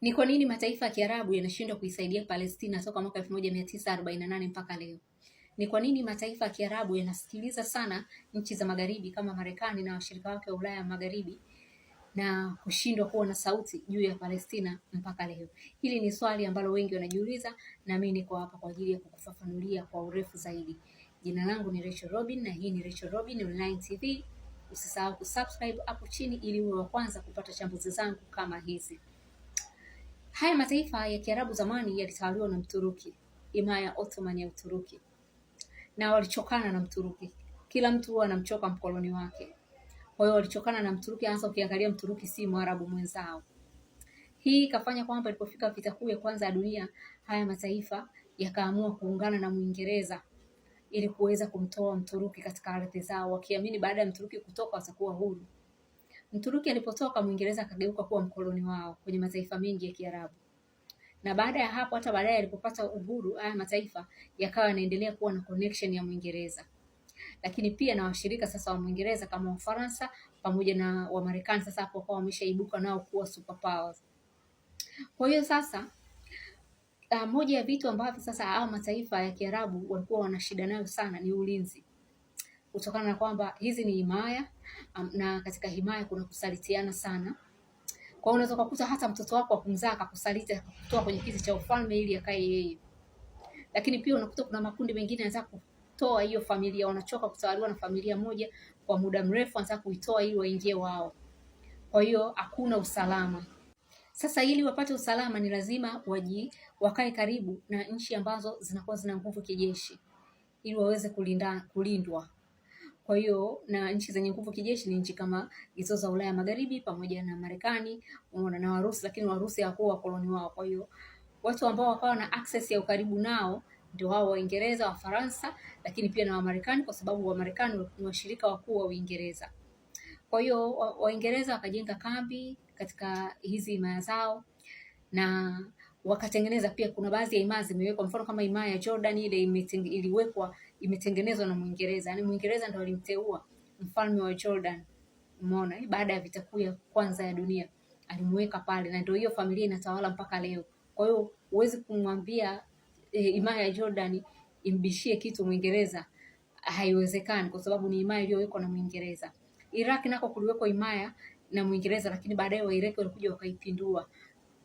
Ni kwa nini mataifa ya Kiarabu yanashindwa kuisaidia Palestina toka mwaka 1948 mpaka leo? Ni kwa nini mataifa ya Kiarabu yanasikiliza sana nchi za magharibi kama Marekani na washirika wake wa Ulaya magharibi na kushindwa kuwa na sauti juu ya Palestina mpaka leo? Hili ni swali ambalo wengi wanajiuliza, na mimi niko hapa kwa ajili ya kukufafanulia kwa urefu zaidi. Jina langu ni Rachel Robin na hii ni Rachel Robin Online TV. Usisahau kusubscribe hapo chini ili uwe wa kwanza kupata chambuzi zangu kama hizi. Haya mataifa ya Kiarabu zamani yalitawaliwa na Mturuki, imaya ya Ottoman ya Uturuki, na walichokana na Mturuki. Kila mtu huwa anamchoka mkoloni wake, kwa hiyo walichokana na Mturuki. Hasa ukiangalia Mturuki si mwarabu mwenzao. Hii ikafanya kwamba ilipofika vita kuu ya kwanza ya dunia, haya mataifa yakaamua kuungana na Mwingereza ili kuweza kumtoa Mturuki katika ardhi zao, wakiamini baada ya Mturuki kutoka watakuwa huru. Mturuki alipotoka Mwingereza akageuka kuwa mkoloni wao kwenye mataifa mengi ya Kiarabu, na baada ya hapo, hata baadaye alipopata uhuru, haya mataifa yakawa yanaendelea kuwa na connection ya Mwingereza, lakini pia na washirika sasa wa Mwingereza kama Wafaransa pamoja na Wamarekani. Sasa hapo kwa wameshaibuka nao kuwa superpowers. Kwa hiyo sasa Uh, moja ya vitu ambavyo sasa hao mataifa ya Kiarabu walikuwa wana shida nayo sana ni ulinzi kutokana na kwamba hizi ni himaya um, na katika himaya kuna kusalitiana sana. Kwa unaweza kukuta hata mtoto wako wa kumzaa akakusaliti akakutoa kwenye kiti cha ufalme ili akae yeye, lakini pia unakuta kuna makundi mengine yanataka kutoa hiyo familia, wanachoka kutawaliwa na familia moja kwa muda mrefu, wanataka kuitoa ili waingie wao. Kwa hiyo hakuna usalama. Sasa ili wapate usalama ni lazima waji wakae karibu na nchi ambazo zinakuwa zina nguvu kijeshi ili waweze kulinda kulindwa. Kwa hiyo na nchi zenye nguvu kijeshi ni nchi kama hizo za Ulaya Magharibi pamoja na Marekani na Warusi, lakini Warusi hakuwa wakoloni wao. Kwa hiyo watu ambao wakawa na access ya ukaribu nao ndio hao Waingereza, Wafaransa, lakini pia na Wamarekani, kwa sababu Wamarekani ni washirika wakuu wa Uingereza. Kwa hiyo Waingereza wakajenga kambi katika hizi himaya zao na wakatengeneza pia, kuna baadhi ya himaya zimewekwa, mfano kama himaya ya Jordan ile iliwekwa imetengenezwa na Mwingereza, yaani Mwingereza ndo alimteua mfalme wa Jordan, umeona, yaani baada ya vita kuu ya kwanza ya dunia alimuweka pale, na ndio hiyo familia inatawala mpaka leo. Kwa hiyo huwezi kumwambia e, himaya ya Jordan imbishie kitu Mwingereza, haiwezekani, kwa sababu ni imaya iliyowekwa na Mwingereza. Iraq nako kuliwekwa imaya na Mwingereza, lakini baadaye Wairaki walikuja wakaipindua,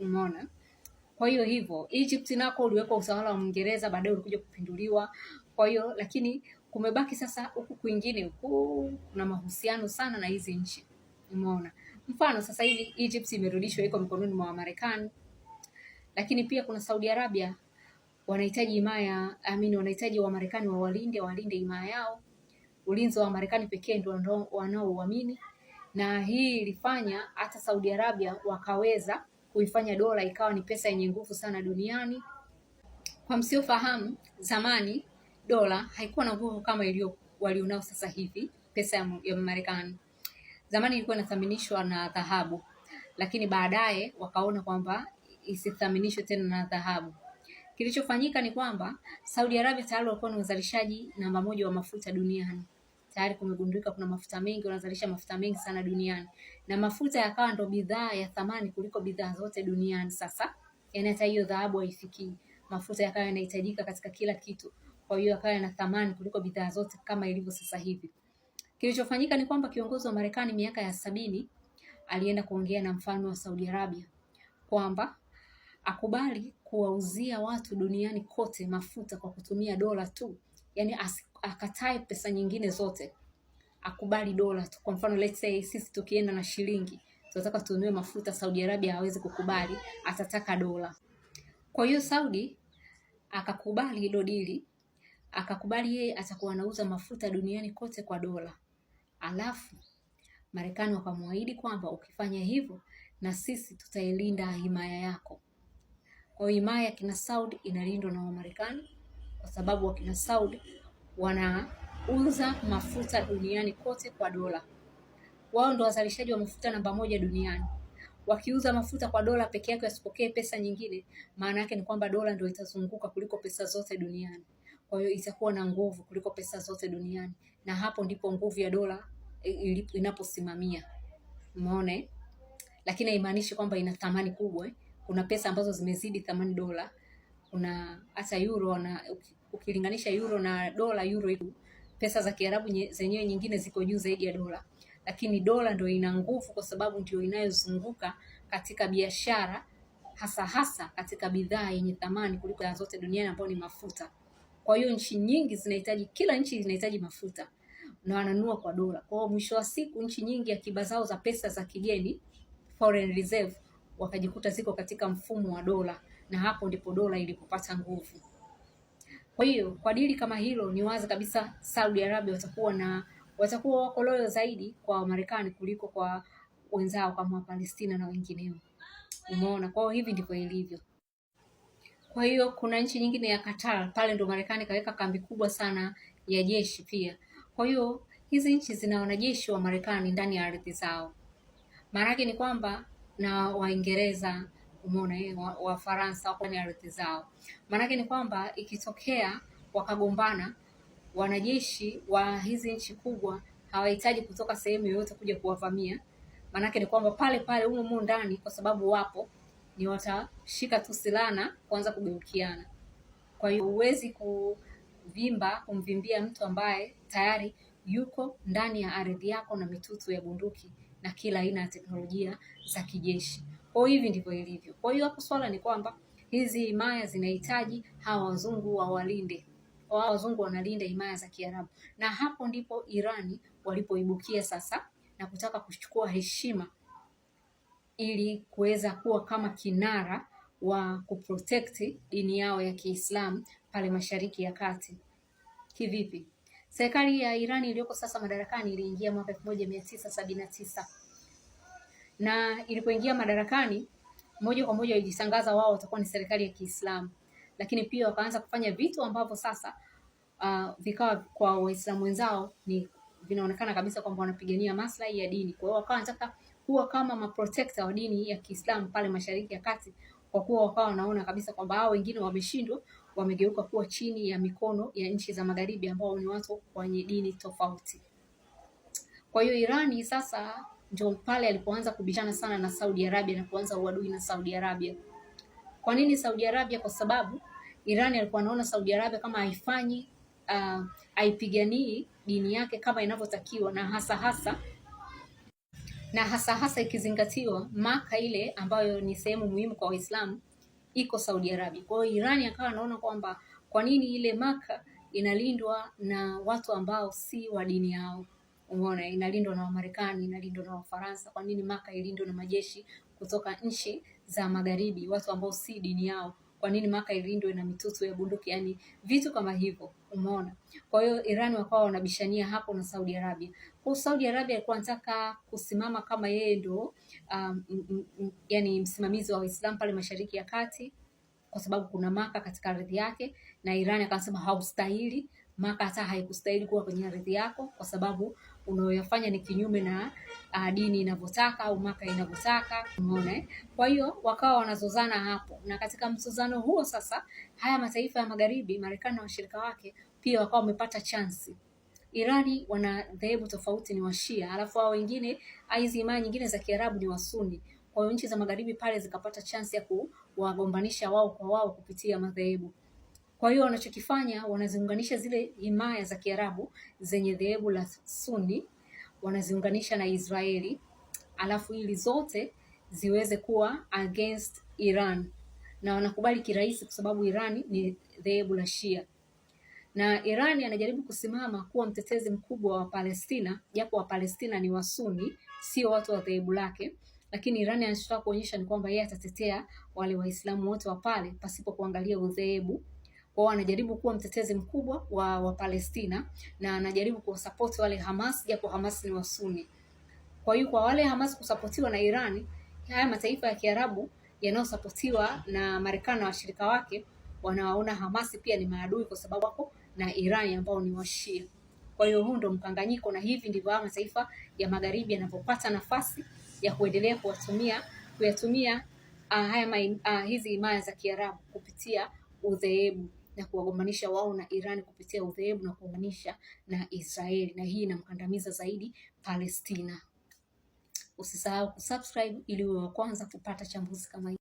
umeona. Kwa hiyo hivyo Egypt nako uliwekwa utawala wa Mwingereza, baadaye ulikuja kupinduliwa. Kwa hiyo lakini kumebaki sasa huku kwingine huku kuna mahusiano sana na hizi nchi, umeona. Mfano sasa hivi Egypt imerudishwa iko mikononi mwa Marekani, lakini pia kuna Saudi Arabia wanahitaji himaya, I mean wanahitaji Wamarekani wawalinde, walinde himaya yao. Ulinzi wa Marekani pekee ndio wanaouamini, na hii ilifanya hata Saudi Arabia wakaweza kuifanya dola ikawa ni pesa yenye nguvu sana duniani. Kwa msiofahamu, zamani dola haikuwa na nguvu kama ilio walionao sasa hivi pesa ya Marekani. Zamani ilikuwa inathaminishwa na dhahabu, lakini baadaye wakaona kwamba isithaminishwe tena na dhahabu. Kilichofanyika ni kwamba Saudi Arabia tayari walikuwa ni wazalishaji namba moja wa mafuta duniani tayari kumegundulika kuna mafuta mengi, wanazalisha mafuta mengi sana duniani, na mafuta yakawa ndo bidhaa ya thamani kuliko bidhaa zote duniani. Sasa yani hata hiyo dhahabu haifikii, mafuta yakawa yanahitajika katika kila kitu, kwa hiyo yakawa yana thamani kuliko bidhaa zote kama ilivyo sasa hivi. Kilichofanyika ni kwamba kiongozi wa Marekani miaka ya sabini alienda kuongea na mfalme wa Saudi Arabia kwamba akubali kuwauzia watu duniani kote mafuta kwa kutumia dola tu, yani akatae pesa nyingine zote akubali dola tu. Kwa mfano let's say sisi tukienda na shilingi tunataka tununue mafuta, Saudi Arabia hawezi kukubali, atataka dola. Kwa hiyo Saudi akakubali hilo dili, akakubali yeye atakuwa anauza mafuta duniani kote kwa dola, alafu Marekani wakamwahidi kwamba ukifanya hivyo na sisi tutailinda himaya yako. Kwa hiyo himaya ya kina Saudi inalindwa na Wamarekani kwa sababu wakina Saudi wanauza mafuta duniani kote kwa dola. Wao ndo wazalishaji wa mafuta namba moja duniani. Wakiuza mafuta kwa dola peke yake, wasipokee pesa nyingine, maana yake ni kwamba dola ndio itazunguka kuliko pesa zote duniani. Kwa hiyo itakuwa na nguvu kuliko pesa zote duniani, na hapo ndipo nguvu ya dola inaposimamia. Umeona? Eh? Lakini haimaanishi kwamba ina thamani kubwa eh? Kuna pesa ambazo zimezidi thamani dola. Kuna hata euro na ukilinganisha euro na dola. Euro pesa za Kiarabu zenyewe nyingine ziko juu zaidi ya dola, lakini dola ndio ina nguvu kwa sababu ndio inayozunguka katika biashara, hasa hasa katika bidhaa yenye thamani kuliko ya zote duniani ambayo ni mafuta. Kwa hiyo nchi nyingi zinahitaji, kila nchi zinahitaji mafuta na wananua kwa dola. Kwa hiyo mwisho wa siku nchi nyingi akiba zao za pesa za kigeni, foreign reserve, wakajikuta ziko katika mfumo wa dola, na hapo ndipo dola ilipopata nguvu. Kwa hiyo kwa dili kama hilo, ni wazi kabisa Saudi Arabia watakuwa na watakuwa wako loyo zaidi kwa Marekani kuliko kwa wenzao kama Wapalestina na wengineo. Umeona, kwa hiyo hivi ndivyo ilivyo. Kwa hiyo kuna nchi nyingine ya Qatar, pale ndo Marekani kaweka kambi kubwa sana ya jeshi pia. Kwa hiyo hizi nchi zina wanajeshi wa Marekani ndani ya ardhi zao, maanake ni kwamba na Waingereza umeona yeye Wafaransa wako kwenye ardhi zao. Maanake ni kwamba ikitokea wakagombana, wanajeshi wa hizi nchi kubwa hawahitaji kutoka sehemu yoyote kuja kuwavamia, maanake ni kwamba pale pale humo humo ndani, kwa sababu wapo ni watashika tu silaha na kuanza kugeukiana. Kwa hiyo huwezi kuvimba kumvimbia mtu ambaye tayari yuko ndani ya ardhi yako na mitutu ya bunduki na kila aina ya teknolojia za kijeshi. Kwa hivi ndivyo ilivyo. Kwa hiyo hapo swala ni kwamba hizi himaya zinahitaji hawa wazungu wawalinde, hawa wazungu wanalinda himaya za Kiarabu, na hapo ndipo Irani walipoibukia sasa na kutaka kuchukua heshima ili kuweza kuwa kama kinara wa kuprotect dini yao ya Kiislamu pale Mashariki ya Kati. Kivipi? Serikali ya Irani iliyoko sasa madarakani iliingia mwaka elfu moja mia tisa sabini na tisa na ilipoingia madarakani moja kwa moja walijitangaza wao watakuwa ni serikali ya Kiislamu, lakini pia wakaanza kufanya vitu ambavyo sasa uh, vikawa kwa Waislamu wenzao ni vinaonekana kabisa kwamba wanapigania maslahi ya dini. Kwa hiyo wakawa wanataka kuwa kama maprotector wa dini ya Kiislamu pale Mashariki ya Kati, kwa kuwa wakawa wanaona kabisa kwamba hao wengine wameshindwa, wamegeuka kuwa chini ya mikono ya nchi za Magharibi ambao ni watu wenye dini tofauti. Kwa hiyo Irani sasa ndio pale alipoanza kubishana sana na Saudi Arabia na kuanza uadui na Saudi Arabia. Kwa nini Saudi Arabia? Kwa sababu Iran alikuwa anaona Saudi Arabia kama haifanyi uh, haipiganii dini yake kama inavyotakiwa na hasa hasa na hasa hasa ikizingatiwa Maka ile ambayo ni sehemu muhimu kwa Waislamu iko Saudi Arabia. Kwa hiyo Irani akawa anaona kwamba kwa nini ile Maka inalindwa na watu ambao si wa dini yao umeona, inalindwa na Wamarekani, inalindwa na Wafaransa. Kwa nini Maka ilindwe na majeshi kutoka nchi za magharibi, watu ambao si dini yao? Kwa nini Maka ilindwe na mitutu ya bunduki? Yani vitu kama hivyo, umeona. Kwa hiyo Iran wakawa wanabishania hapo na Saudi Arabia. Kwa Saudi Arabia alikuwa anataka kusimama kama yeye ndo um, yani msimamizi wa waislam pale Mashariki ya Kati kwa sababu kuna Maka katika ardhi yake, na Iran akasema haustahili Maka hata haikustahili kuwa kwenye ardhi yako kwa sababu unayoyafanya ni kinyume na uh, dini inavyotaka au maka inavyotaka. Umeona eh? Kwa hiyo wakawa wanazozana hapo, na katika mzozano huo sasa, haya mataifa ya magharibi, Marekani na washirika wake, pia wakawa wamepata chansi. Irani wana dhehebu tofauti, ni Washia, alafu hao wengine hizi imani nyingine za Kiarabu ni Wasuni. Kwa hiyo nchi za magharibi pale zikapata chansi ya kuwagombanisha wao kwa wao kupitia madhehebu. Kwa hiyo wanachokifanya wanaziunganisha zile himaya za Kiarabu zenye dhehebu la Sunni wanaziunganisha na Israeli, alafu ili zote ziweze kuwa against Iran, na wanakubali kirahisi kwa sababu Iran ni dhehebu la Shia na Iran anajaribu kusimama kuwa mtetezi mkubwa wa Palestina, japo Wapalestina ni Wasuni, sio watu wa dhehebu lake, lakini Iran anachotaka kuonyesha ni kwamba yeye atatetea wale Waislamu wote wa pale pasipo kuangalia udhehebu kwao, anajaribu kuwa mtetezi mkubwa wa Wapalestina na anajaribu kuwasapoti wale Hamas, japo Hamas ni Wasuni. Kwa hiyo kwa wale Hamas kusapotiwa na iran haya mataifa ya Kiarabu yanayosapotiwa na Marekani na washirika wake wanawaona hamas pia ni maadui kwa sababu wako na iran ambao ni Washia. Kwa hiyo huu ndo mkanganyiko, na hivi ndivyo haya mataifa ya magharibi yanapopata nafasi ya kuendelea kuwatumia kuyatumia uh, haya uh, hizi imani za Kiarabu kupitia udhehebu na kuwagombanisha wao na Iran kupitia udhehebu na kuunganisha na Israeli, na hii inamkandamiza zaidi Palestina. Usisahau kusubscribe ili uwe wa kwanza kupata chambuzi kama hii.